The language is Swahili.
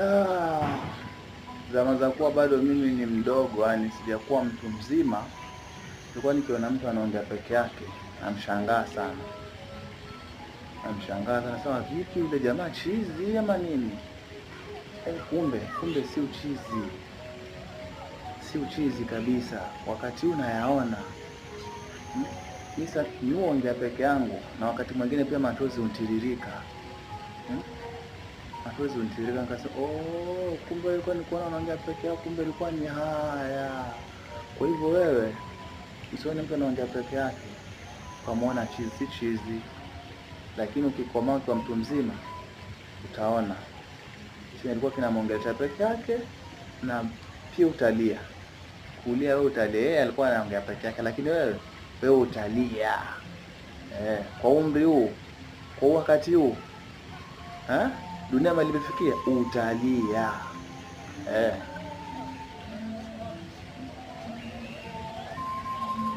Ah. zama za kuwa bado mimi ni mdogo, yani sijakuwa mtu mzima, nilikuwa nikiona mtu anaongea peke yake namshangaa sana, namshangaa sana, nasema vipi, yule jamaa chizi ama nini? E, kumbe kumbe si uchizi, si uchizi kabisa. Wakati huu nayaona misa niuongea peke yangu, na wakati mwingine pia machozi untiririka hmm? Wewe unitiririka nikasema, oh, kumbe ilikuwa kuona unaongea peke yako, kumbe ilikuwa ni haya. Kwa hivyo wewe usione mtu anaongea peke yake ukamwona chizi, si chizi, lakini ukikomaa ukiwa mtu mzima utaona ilikuwa alikuwa kinamwongelesha peke yake, na pia utalia kulia. Wewe utalia, yeye alikuwa anaongea peke yake, lakini wewe wewe utalia eh, kwa umri huu, kwa wakati huu eh? dunia malimefikia utalia eh.